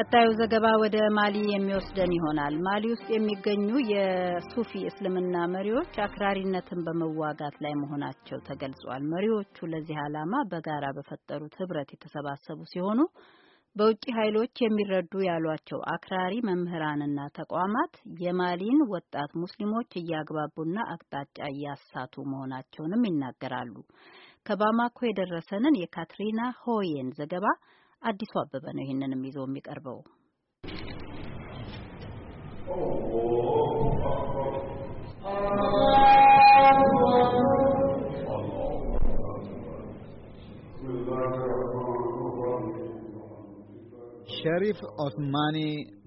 ቀጣዩ ዘገባ ወደ ማሊ የሚወስደን ይሆናል። ማሊ ውስጥ የሚገኙ የሱፊ እስልምና መሪዎች አክራሪነትን በመዋጋት ላይ መሆናቸው ተገልጿል። መሪዎቹ ለዚህ ዓላማ በጋራ በፈጠሩት ህብረት የተሰባሰቡ ሲሆኑ በውጭ ኃይሎች የሚረዱ ያሏቸው አክራሪ መምህራንና ተቋማት የማሊን ወጣት ሙስሊሞች እያግባቡና አቅጣጫ እያሳቱ መሆናቸውንም ይናገራሉ። ከባማኮ የደረሰንን የካትሪና ሆዬን ዘገባ አዲሱ አበበ ነው ይህንንም ይዞ የሚቀርበው። ሸሪፍ ኦስማኒ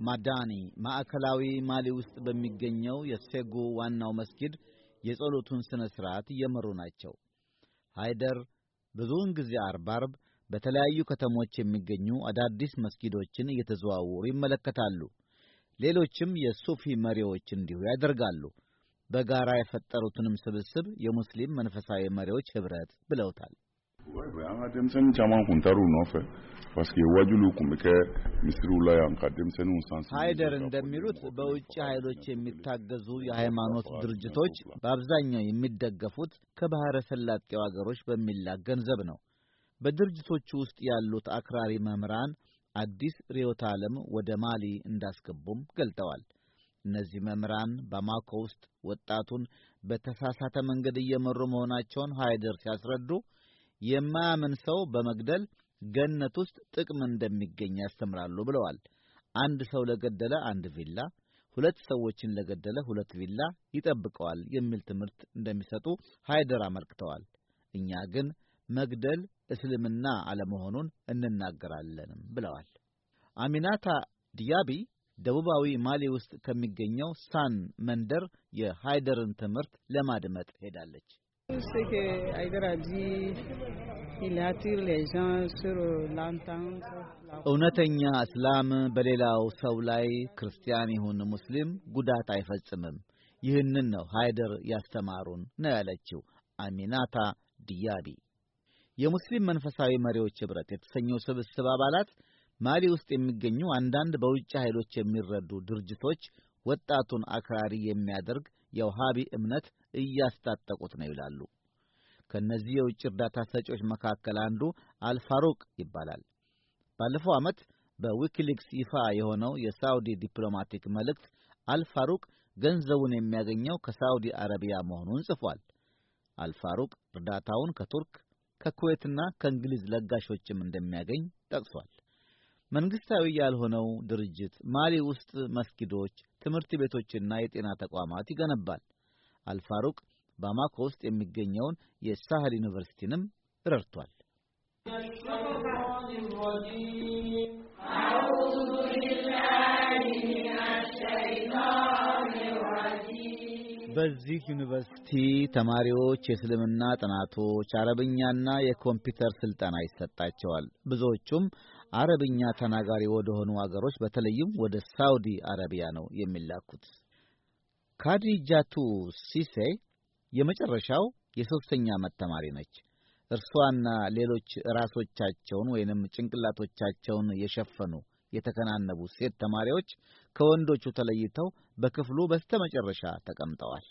ማዳኒ ማዕከላዊ ማሊ ውስጥ በሚገኘው የሴጉ ዋናው መስጊድ የጸሎቱን ሥነ ሥርዓት እየመሩ ናቸው። ሃይደር ብዙውን ጊዜ አርብ አርብ በተለያዩ ከተሞች የሚገኙ አዳዲስ መስጊዶችን እየተዘዋወሩ ይመለከታሉ። ሌሎችም የሱፊ መሪዎች እንዲሁ ያደርጋሉ። በጋራ የፈጠሩትንም ስብስብ የሙስሊም መንፈሳዊ መሪዎች ህብረት ብለውታል። ሃይደር እንደሚሉት በውጭ ኃይሎች የሚታገዙ የሃይማኖት ድርጅቶች በአብዛኛው የሚደገፉት ከባህረ ሰላጤው አገሮች በሚላክ ገንዘብ ነው። በድርጅቶቹ ውስጥ ያሉት አክራሪ መምህራን አዲስ ርዕዮተ ዓለም ወደ ማሊ እንዳስገቡም ገልጠዋል። እነዚህ መምህራን ባማኮ ውስጥ ወጣቱን በተሳሳተ መንገድ እየመሩ መሆናቸውን ሃይደር ሲያስረዱ የማያምን ሰው በመግደል ገነት ውስጥ ጥቅም እንደሚገኝ ያስተምራሉ ብለዋል። አንድ ሰው ለገደለ አንድ ቪላ፣ ሁለት ሰዎችን ለገደለ ሁለት ቪላ ይጠብቀዋል የሚል ትምህርት እንደሚሰጡ ሃይደር አመልክተዋል። እኛ ግን መግደል እስልምና አለመሆኑን እንናገራለንም ብለዋል። አሚናታ ዲያቢ ደቡባዊ ማሊ ውስጥ ከሚገኘው ሳን መንደር የሃይደርን ትምህርት ለማድመጥ ሄዳለች። እውነተኛ እስላም በሌላው ሰው ላይ ክርስቲያን ይሁን ሙስሊም ጉዳት አይፈጽምም። ይህንን ነው ሃይደር ያስተማሩን ነው ያለችው አሚናታ ዲያቢ። የሙስሊም መንፈሳዊ መሪዎች ኅብረት የተሰኘው ስብስብ አባላት ማሊ ውስጥ የሚገኙ አንዳንድ በውጭ ኃይሎች የሚረዱ ድርጅቶች ወጣቱን አክራሪ የሚያደርግ የውሃቢ እምነት እያስታጠቁት ነው ይላሉ። ከእነዚህ የውጭ እርዳታ ሰጪዎች መካከል አንዱ አልፋሩቅ ይባላል። ባለፈው ዓመት በዊኪሊክስ ይፋ የሆነው የሳውዲ ዲፕሎማቲክ መልእክት አልፋሩቅ ገንዘቡን የሚያገኘው ከሳውዲ አረቢያ መሆኑን ጽፏል። አልፋሩቅ እርዳታውን ከቱርክ፣ ከኩዌትና ከእንግሊዝ ለጋሾችም እንደሚያገኝ ጠቅሷል። መንግሥታዊ ያልሆነው ድርጅት ማሊ ውስጥ መስጊዶች፣ ትምህርት ቤቶችና የጤና ተቋማት ይገነባል። አልፋሩቅ ባማኮ ውስጥ የሚገኘውን የሳህል ዩኒቨርሲቲንም ረድቷል። أعوذ بالله من الشيطان በዚህ ዩኒቨርሲቲ ተማሪዎች የእስልምና ጥናቶች፣ አረብኛና የኮምፒውተር ስልጠና ይሰጣቸዋል። ብዙዎቹም አረብኛ ተናጋሪ ወደሆኑ አገሮች በተለይም ወደ ሳውዲ አረቢያ ነው የሚላኩት። ካዲጃቱ ሲሴ የመጨረሻው የሦስተኛ ዓመት ተማሪ ነች። እርሷና ሌሎች ራሶቻቸውን ወይንም ጭንቅላቶቻቸውን የሸፈኑ የተከናነቡ ሴት ተማሪዎች ከወንዶቹ ተለይተው በክፍሉ በስተመጨረሻ ተቀምጠዋል።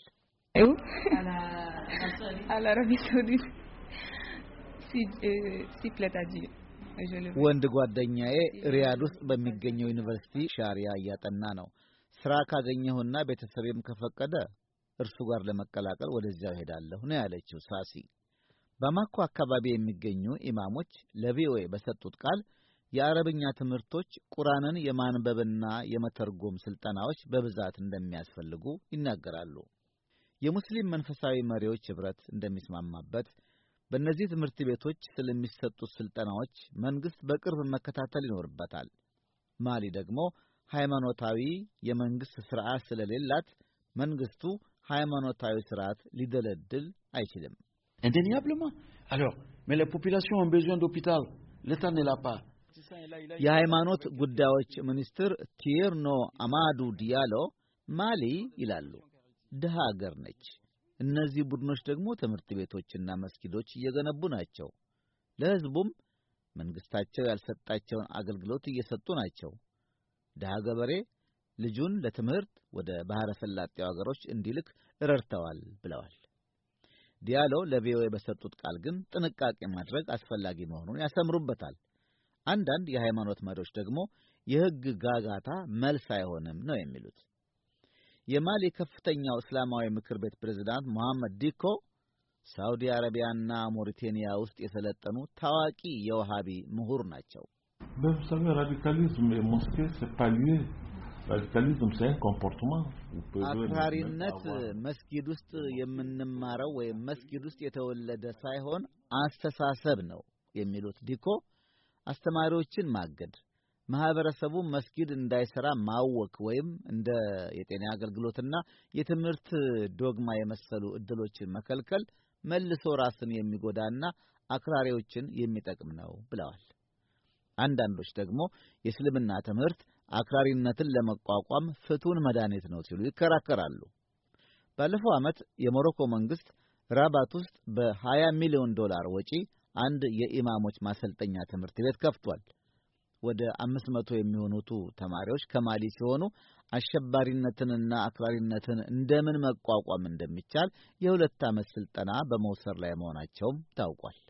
ወንድ ጓደኛዬ ሪያድ ውስጥ በሚገኘው ዩኒቨርሲቲ ሻሪያ እያጠና ነው። ስራ ካገኘሁና ቤተሰቤም ከፈቀደ እርሱ ጋር ለመቀላቀል ወደዚያው ሄዳለሁ ነው ያለችው ሳሲ። ባማኮ አካባቢ የሚገኙ ኢማሞች ለቪኦኤ በሰጡት ቃል የአረብኛ ትምህርቶች ቁርአንን የማንበብና የመተርጎም ስልጠናዎች በብዛት እንደሚያስፈልጉ ይናገራሉ። የሙስሊም መንፈሳዊ መሪዎች ኅብረት እንደሚስማማበት በእነዚህ ትምህርት ቤቶች ስለሚሰጡት ስልጠናዎች መንግሥት በቅርብ መከታተል ይኖርበታል። ማሊ ደግሞ ሃይማኖታዊ የመንግሥት ሥርዓት ስለሌላት መንግሥቱ ሃይማኖታዊ ሥርዓት ሊደለድል አይችልም። indéniablement alors mais les populations ont besoin d'hôpital l'état የሃይማኖት ጉዳዮች ሚኒስትር ቲየርኖ አማዱ ዲያሎ ማሊ ይላሉ ድሃ አገር ነች። እነዚህ ቡድኖች ደግሞ ትምህርት ቤቶችና መስጊዶች እየገነቡ ናቸው። ለሕዝቡም መንግሥታቸው ያልሰጣቸውን አገልግሎት እየሰጡ ናቸው። ድሃ ገበሬ ልጁን ለትምህርት ወደ ባሕረ ሰላጤው አገሮች እንዲልክ ረድተዋል ብለዋል። ዲያሎ ለቪኦኤ በሰጡት ቃል ግን ጥንቃቄ ማድረግ አስፈላጊ መሆኑን ያሰምሩበታል። አንዳንድ የሃይማኖት መሪዎች ደግሞ የሕግ ጋጋታ መልስ አይሆንም ነው የሚሉት። የማሊ ከፍተኛው እስላማዊ ምክር ቤት ፕሬዝዳንት መሐመድ ዲኮ ሳውዲ አረቢያና ሞሪቴንያ ውስጥ የሰለጠኑ ታዋቂ የውሃቢ ምሁር ናቸው። አክራሪነት መስጊድ ውስጥ የምንማረው ወይም መስጊድ ውስጥ የተወለደ ሳይሆን አስተሳሰብ ነው የሚሉት ዲኮ አስተማሪዎችን ማገድ፣ ማህበረሰቡ መስጊድ እንዳይሰራ ማወክ ወይም እንደ የጤና አገልግሎትና የትምህርት ዶግማ የመሰሉ እድሎችን መከልከል መልሶ ራስን የሚጎዳና አክራሪዎችን የሚጠቅም ነው ብለዋል። አንዳንዶች ደግሞ የእስልምና ትምህርት አክራሪነትን ለመቋቋም ፍቱን መድኃኒት ነው ሲሉ ይከራከራሉ። ባለፈው ዓመት የሞሮኮ መንግሥት ራባት ውስጥ በ20 ሚሊዮን ዶላር ወጪ አንድ የኢማሞች ማሰልጠኛ ትምህርት ቤት ከፍቷል። ወደ አምስት መቶ የሚሆኑቱ ተማሪዎች ከማሊ ሲሆኑ አሸባሪነትንና አክራሪነትን እንደምን መቋቋም እንደሚቻል የሁለት ዓመት ስልጠና በመውሰድ ላይ መሆናቸውም ታውቋል።